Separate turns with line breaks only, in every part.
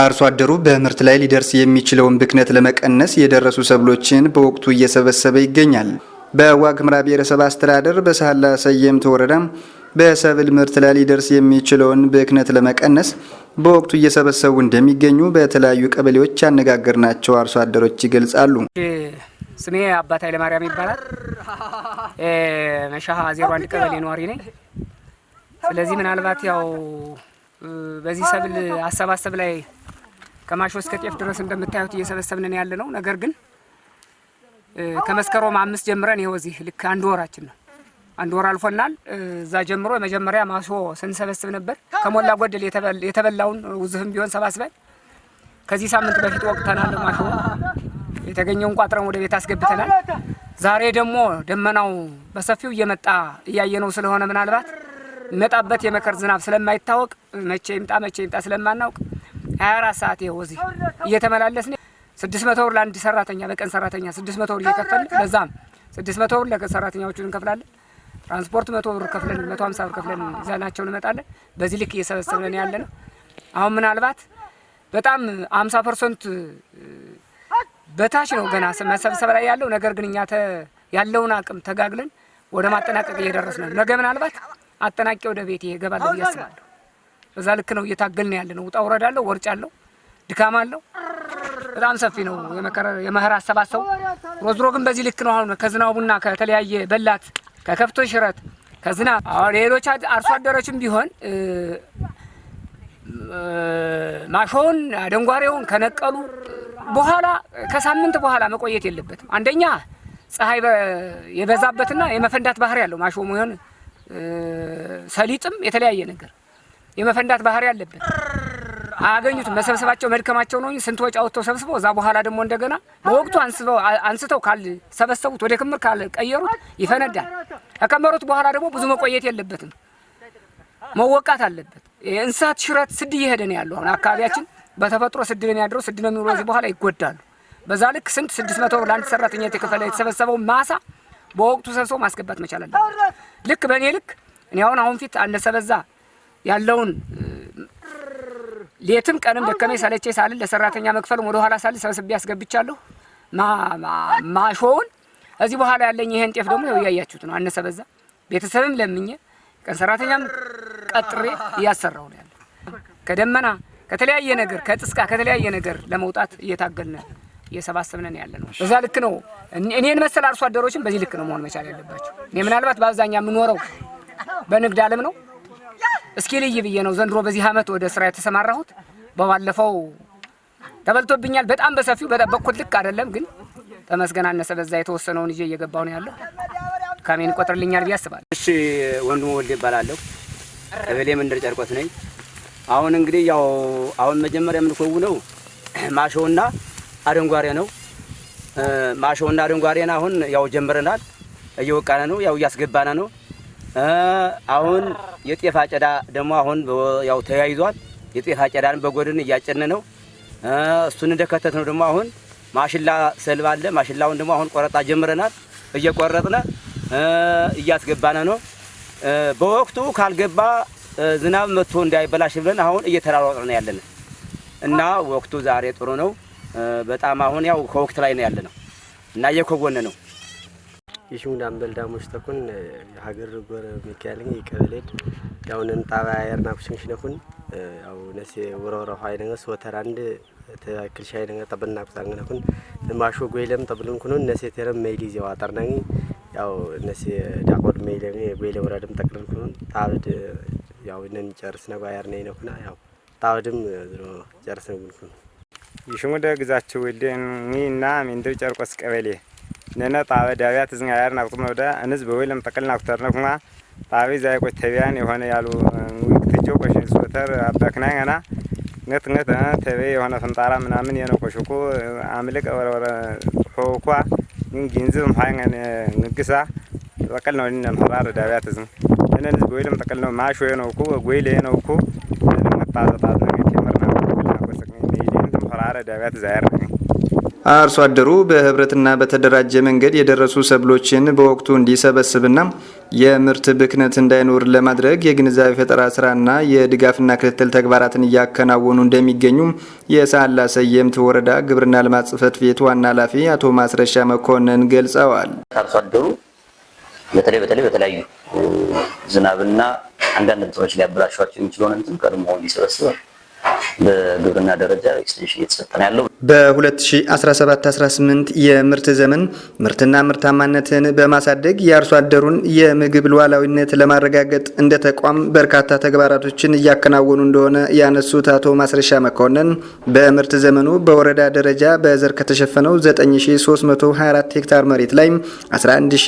አርሶ አደሩ በምርት ላይ ሊደርስ የሚችለውን ብክነት ለመቀነስ የደረሱ ሰብሎችን በወቅቱ እየሰበሰበ ይገኛል። በዋግ ብሔረሰብ አስተዳደር በሳህላ ሰየምት ወረዳ በሰብል ምርት ላይ ሊደርስ የሚችለውን ብክነት ለመቀነስ በወቅቱ እየሰበሰቡ እንደሚገኙ በተለያዩ ቀበሌዎች ያነጋገርናቸው አርሶ አደሮች
ይገልጻሉ። ስሜ አባት ማርያም ይባላል። መሻሃ ዜሮ አንድ ቀበሌ ነዋሪ ነኝ። ስለዚህ ምናልባት ያው በዚህ ሰብል አሰባሰብ ላይ ከማሾ እስከ ጤፍ ድረስ እንደምታዩት እየሰበሰብንን ያለ ነው። ነገር ግን ከመስከረም አምስት ጀምረን ይኸው እዚህ ልክ አንድ ወራችን ነው። አንድ ወር አልፎናል። እዛ ጀምሮ የመጀመሪያ ማሾ ስንሰበስብ ነበር። ከሞላ ጎደል የተበላውን ውዝህም ቢሆን ሰባስበን ከዚህ ሳምንት በፊት ወቅተናል። ማሾ የተገኘውን ቋጥረን ወደ ቤት አስገብተናል። ዛሬ ደግሞ ደመናው በሰፊው እየመጣ እያየነው ስለሆነ ምናልባት መጣበት የመከር ዝናብ ስለማይታወቅ መቼ ይምጣ መቼ ይምጣ ስለማናውቅ ሀያ አራት ሰዓት ይኸው እዚህ እየተመላለስን ስድስት መቶ ብር ለአንድ ሰራተኛ በቀን ሰራተኛ ስድስት መቶ ብር እየከፈልን በዛም ስድስት መቶ ብር ለሰራተኛዎቹን እንከፍላለን። ትራንስፖርት መቶ ብር ከፍለን መቶ ሀምሳ ብር ከፍለን ይዘናቸው እንመጣለን። በዚህ ልክ እየሰበሰብን ያለ ነው። አሁን ምናልባት በጣም ሀምሳ ፐርሰንት በታች ነው ገና መሰብሰብ ላይ ያለው። ነገር ግን እኛ ያለውን አቅም ተጋግለን ወደ ማጠናቀቅ እየደረስ ነው። ነገ ምናልባት አጠናቄ ወደ ቤት ይገባለሁ ብዬ አስባለሁ። በዛ ልክ ነው እየታገልን ያለ ነው። ውጣ ውረድ አለው፣ ወርጭ አለው፣ ድካም አለው። በጣም ሰፊ ነው የመኸር አሰባሰቡ። ሮዝሮ ግን በዚህ ልክ ነው። አሁን ከዝናቡና ከተለያየ በላት ከከብቶች ሽረት ከዝናብ አሁን ሌሎች አርሶ አደሮችም ቢሆን ማሾውን አደንጓሬውን ከነቀሉ በኋላ ከሳምንት በኋላ መቆየት የለበትም። አንደኛ ፀሐይ የበዛበትና የመፈንዳት ባህሪ ያለው ማሾ መሆን ሰሊጥም የተለያየ ነገር የመፈንዳት ባህሪ አለበት አገኙት መሰብሰባቸው መድከማቸው ነው። ስንት ወጪ አውጥተው ሰብስበው እዛ በኋላ ደግሞ እንደገና በወቅቱ አንስተው ካልሰበሰቡት ወደ ክምር ካልቀየሩት ይፈነዳል። ከከመሩት በኋላ ደግሞ ብዙ መቆየት የለበትም፣ መወቃት አለበት። የእንስሳት ሽረት ስድ እየሄደ ነው ያለው። አሁን አካባቢያችን በተፈጥሮ ስድ ነው የሚያድረው፣ ስድ ነው የሚውለው። እዚህ በኋላ ይጎዳሉ። በዛ ልክ ስንት ስድስት መቶ ለአንድ ሰራተኛ የተከፈለ የተሰበሰበው ማሳ በወቅቱ ሰብሰው ማስገባት መቻል አለበት። ልክ በእኔ ልክ እኔ አሁን አሁን ፊት አነሰ ያለውን ሌትም ቀንም ደከመኝ ሰለቼ ሳልን ለሰራተኛ መክፈል ወደ ኋላ ሳልን ሰብስቤ ያስገብቻለሁ። ማሾውን እዚህ በኋላ ያለኝ ይሄን ጤፍ ደግሞ እያያችሁት ነው። አነሰ በዛ ቤተሰብም ለምኜ ቀን ሰራተኛም ቀጥሬ እያሰራው ነው ያለ። ከደመና ከተለያየ ነገር ከጥስቃ ከተለያየ ነገር ለመውጣት እየታገልን እየሰባሰብነን ያለ ነው። በዛ ልክ ነው። እኔን መሰል አርሶ አደሮችም በዚህ ልክ ነው መሆን መቻል ያለባቸው። እኔ ምናልባት በአብዛኛው የምኖረው በንግድ አለም ነው። እስኪ ልይ ብዬ ነው ዘንድሮ በዚህ አመት ወደ ስራ የተሰማራሁት። በባለፈው ተበልቶብኛል በጣም በሰፊው በኩል ልክ አይደለም ግን ተመስገን አነሰ በዛ የተወሰነውን ይዤ እየገባሁ ነው ያለው። ድካሜን ይቆጥርልኛል ብዬ
አስባለሁ። እሺ ወንድሙ ወልድ ይባላለሁ። ቀበሌ መንደር ጨርቆት ነኝ። አሁን እንግዲህ ያው አሁን መጀመሪያ የምንኮውነው ማሾውና አደንጓሬ ነው። ማሾውና አደንጓሬን አሁን ያው ጀምረናል። እየወቃነ ነው ያው እያስገባነ ነው አሁን የጤፍ አጨዳ ደግሞ አሁን ያው ተያይዟል። የጤፍ አጨዳን በጎድን እያጨነ ነው። እሱን እንደከተት ነው ደግሞ አሁን ማሽላ ሰልባ አለ። ማሽላውን ደግሞ አሁን ቆረጣ ጀምረናል። እየቆረጥነ እያስገባነ ነው። በወቅቱ ካልገባ ዝናብ መጥቶ እንዳይበላሽ ብለን አሁን ነው ያለን እና ወቅቱ ዛሬ ጥሩ ነው። በጣም አሁን ያው ከወቅት ላይ ነው ያለ ነው እና እየኮጎነ ነው
ይሽሙን ዳሞች ተኩን ሀገር ጎረ ሚካኤልን ይቀበለድ ያውንን ጣባ ያርናኩሽን ሽነኩን ያው ነሴ ወሮሮ ሀይነገ ሶተር አንድ ተክል ሻይነገ ጠብና ቁጣንገነኩን ማሾ ጎይለም ጠብልን ኩኑን ነሴ ተረም ሜይሊ ዜዋ ጠርናኝ ያው ነሴ ዳቆድ ሜይለም ጎይለ ወረድም ጠቅልን ኩኑን ጣብድ ያው ነን ጨርስ ነጓ ያርነ ነኩና ያው ጣብድም ዝሮ ጨርስ ነጉልኩን
ይሽሙደ ግዛቸው ወልደን ሚና ሚንድር ጨርቆስ ቀበሌ ነነ ጣበ ዳብያ ትዝንጋያር ናቁጥም ነውዳ እንዝ በወይ ለምጠቀል ናቁተር ነኩማ ጣቤ ዛይ ቆይ ተቢያን የሆነ ያሉ ውክትጆ ቆሽ ሶተር አባክና ገና ንገት ንገት ተቤ የሆነ ፈንጣራ ምናምን የነ ቆሽኩ አምልቅ ወረወረ ሆኳ ንጊንዝብ ምሃይ ንግሳ ጠቀል ነው ነ ምራር ዳብያ ትዝን እነ እንዝ በወይ ለምጠቀል ነው ማሽ ወይ ነውኩ ጎይ ለይ ነውኩ ለመጣጣጣ ነው ከመርና ነው ቆስቅኝ ለይ ለምራር ዳብያ ትዛያር ነው
አርሶ አደሩ በህብረትና በተደራጀ መንገድ የደረሱ ሰብሎችን በወቅቱ እንዲሰበስብና የምርት ብክነት እንዳይኖር ለማድረግ የግንዛቤ ፈጠራ ስራና የድጋፍና ክትትል ተግባራትን እያከናወኑ እንደሚገኙ የሳህላ ሰየምት ወረዳ ግብርና ልማት ጽህፈት ቤት ዋና ኃላፊ አቶ ማስረሻ መኮንን
ገልጸዋል። አርሶ አደሩ በተለይ በተለይ በተለያዩ ዝናብና አንዳንድ ምጥሮች ሊያበላሿቸው የሚችለውን እንትን ቀድሞ እንዲሰበስብ በግብርና ደረጃ
ኤክስቴንሽን እየተሰጠ ነው ያለው። በ2017/18 የምርት ዘመን ምርትና ምርታማነትን በማሳደግ የአርሶ አደሩን የምግብ ሉዓላዊነት ለማረጋገጥ እንደ ተቋም በርካታ ተግባራቶችን እያከናወኑ እንደሆነ ያነሱት አቶ ማስረሻ መኮንን በምርት ዘመኑ በወረዳ ደረጃ በዘር ከተሸፈነው 9324 ሄክታር መሬት ላይ 11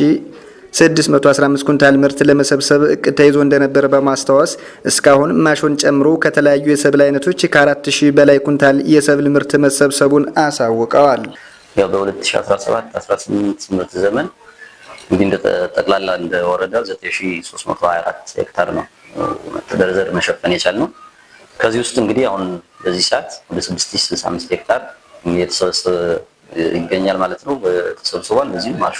615 ኩንታል ምርት ለመሰብሰብ እቅድ ተይዞ እንደነበረ በማስታወስ እስካሁን ማሾን ጨምሮ ከተለያዩ የሰብል አይነቶች ከ ሺህ በላይ ኩንታል የሰብል ምርት መሰብሰቡን አሳውቀዋል።
ያው በ2017 18 ምርት ዘመን እንግዲህ እንደ ጠቅላላ እንደ ወረዳ 9324 ሄክታር ነው ተደረዘር መሸፈን የቻልነው። ከዚህ ውስጥ እንግዲህ አሁን በዚህ ሰዓት ወደ 6065 ሄክታር የተሰበሰበ ይገኛል ማለት ነው ተሰብስቧል። እዚህ ማሾ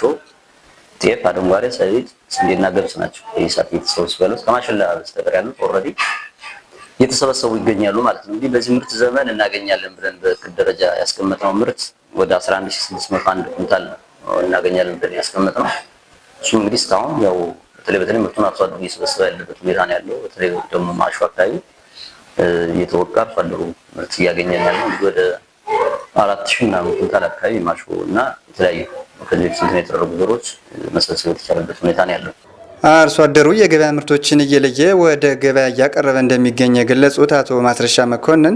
ጤፍ፣ አረንጓዴ ሰሊጥ፣ ስንዴና ገብስ ናቸው። በኢሳት የተሰበሰቡ ያሉት ከማሽላ በስተቀር ያሉት ኦልሬዲ እየተሰበሰቡ ይገኛሉ ማለት ነው። እንግዲህ በዚህ ምርት ዘመን እናገኛለን ብለን በእቅድ ደረጃ ያስቀመጥነው ምርት ወደ 11601 ኩንታል እናገኛለን ብለን ያስቀመጥነው። እሱም እንግዲህ እስካሁን ያው በተለይ በተለይ ምርቱን አርሶ አደሩ እየሰበሰበ ያለበት ሁኔታ ነው ያለው። በተለይ ደግሞ ማሹ አካባቢ እየተወቃ አርሶ አደሩ ምርት እያገኘን ያለው ወደ አራት ሺህ ምናምን ኩንታል አካባቢ ማሾ እና የተለያዩ ከዚህ በፊት እንትን የተደረጉ መሰብሰብ የተቻለበት ሁኔታ
ነው ያለው። አርሶ አደሩ የገበያ ምርቶችን እየለየ ወደ ገበያ እያቀረበ እንደሚገኝ የገለጹት አቶ ማስረሻ መኮንን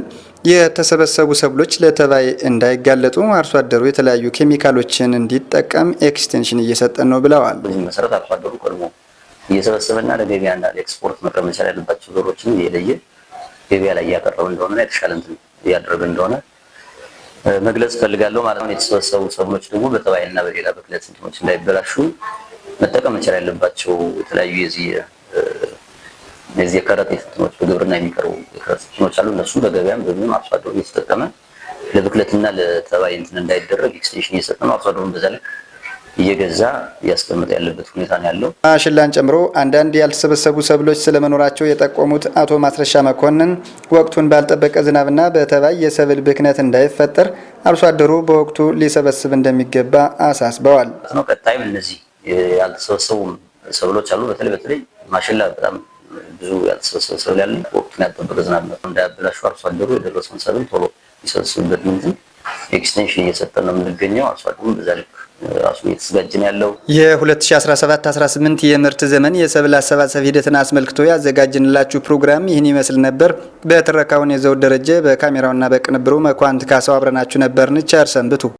የተሰበሰቡ ሰብሎች ለተባይ እንዳይጋለጡ አርሶ አደሩ የተለያዩ ኬሚካሎችን እንዲጠቀም ኤክስቴንሽን እየሰጠን ነው
ብለዋል። በዚህ መሰረት አርሶ አደሩ ቀድሞ እየሰበሰበና ለገበያና ለኤክስፖርት መቅረብ መቻል ያለባቸው ዞሮችን እየለየ ገበያ ላይ እያቀረበ እንደሆነ የተሻለ እንትን እያደረገ እንደሆነ መግለጽ ፈልጋለሁ ማለት ነው። የተሰበሰቡ ሰብሎች ደግሞ በተባይና በሌላ ብክለት እንትኖች እንዳይበላሹ መጠቀም መቻል ያለባቸው የተለያዩ የዚህ የዚህ የከረጢት እንትኖች በግብርና የሚቀርቡ የከረጢት እንትኖች አሉ። እነሱም በገበያም በምንም አርሶ አደሩ እየተጠቀመ ለብክለትና ለተባይ እንትን እንዳይደረግ ኤክስቴንሽን እየሰጠ ነው። አርሶ አደሩን በዛ ላይ እየገዛ እያስቀመጠ ያለበት ሁኔታ ነው
ያለው። ማሽላን ጨምሮ አንዳንድ ያልተሰበሰቡ ሰብሎች ስለመኖራቸው የጠቆሙት አቶ ማስረሻ መኮንን ወቅቱን ባልጠበቀ ዝናብና በተባይ የሰብል ብክነት እንዳይፈጠር አርሶ አደሩ በወቅቱ ሊሰበስብ እንደሚገባ
አሳስበዋል። ቀጣይም እነዚህ ያልተሰበሰቡ ሰብሎች አሉ። በተለይ በተለይ ማሽላ በጣም ብዙ ያልተሰበሰበ ሰብል ያለ ወቅቱን ያልጠበቀ ዝናብ እንዳያበላሹ አርሶ አደሩ የደረሰውን ሰብል ቶሎ ሊሰበስብበት ምንትን ኤክስቴንሽን እየሰጠ ነው የምንገኘው። አርሶ አደሩም በዛ ልክ ራሱ እየተዘጋጀ
ነው ያለው። የ2017-18 የምርት ዘመን የሰብል አሰባሰብ ሂደትን አስመልክቶ ያዘጋጅንላችሁ ፕሮግራም ይህን ይመስል ነበር። በትረካውን የዘውድ ደረጀ፣ በካሜራውና በቅንብሩ መኳንት ካሰው አብረናችሁ ነበርን። ቸር ሰንብቱ።